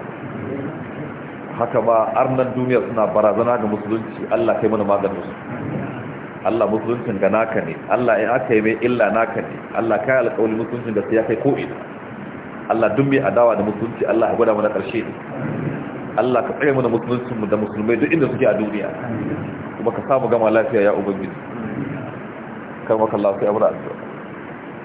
haka ba arnan duniya suna barazana ga musulunci Allah kai mana maganin su Allah musuluncin ga naka ne Allah in aka yi mai illa naka ne Allah kai alƙawarin musuluncin da sai ya kai ko ina Allah duk mai adawa da musulunci Allah ya gwada mana ƙarshe Allah ka tsare mana musuluncin mu da musulmai duk inda suke a duniya kuma ka samu gama lafiya ya ubangiji kan maka Allah sai amra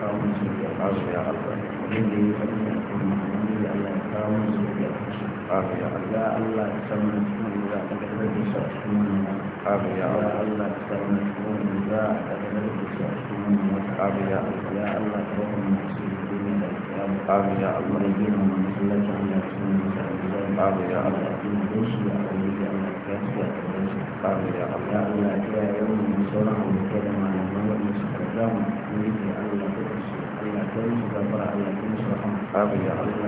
kawo su ya kasu ya Allah abin da ya faɗi a kan musulmi da Allah ya kawo su ya Allah ya Allah Allah ya san musulmi za a ɗaga da su a cikin wannan kasu ya Allah ya Allah musulmi za a ɗaga da su a cikin wannan kasu ya Allah Allah ya san musulmi da قال يا الله يدينا من سلك على سنة قال يا الله يدوش يا الله يا قال يا الله يا الله يا يوم من سرعه كلمة من الله يسكتهم ويدي الله آمين يا رب آمين يا رب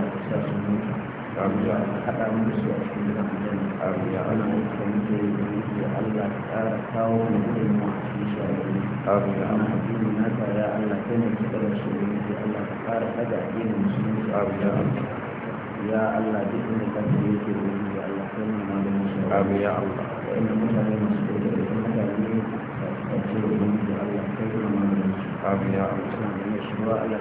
haɗa mu su a cikin gidan aljanna amin ya Allah da muke yi ya Allah ka ƙara kawo mu gudun mu a cikin shawarwari amin ya Allah addini na ka ya Allah kai ne ka ƙara shawarwari ya Allah ka ƙara ɗaga addinin musulunci amin ya Allah ya Allah duk inda ka ce yake wuri ya Allah kai ne malamin shawarwari amin ya Allah wa'inda mutane masu ɗauke da ɗan mutane ka ce wuri ya Allah kai ne malamin shawarwari amin ya Allah suna da mai shawara Allah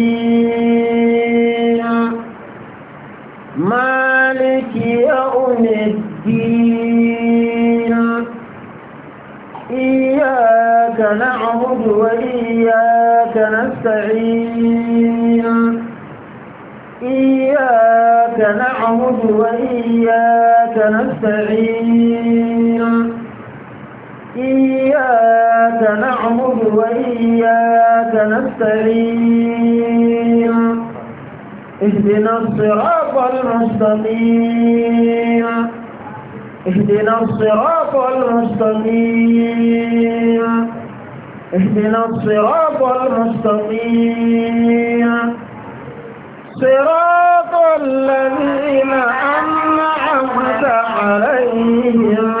نعبد وإياك نستعين إياك نعبد وإياك نستعين إياك نعبد وإياك نستعين اهدنا الصراط المستقيم اهدنا الصراط المستقيم اهدنا الصراط المستقيم صراط الذين أنعمت عليهم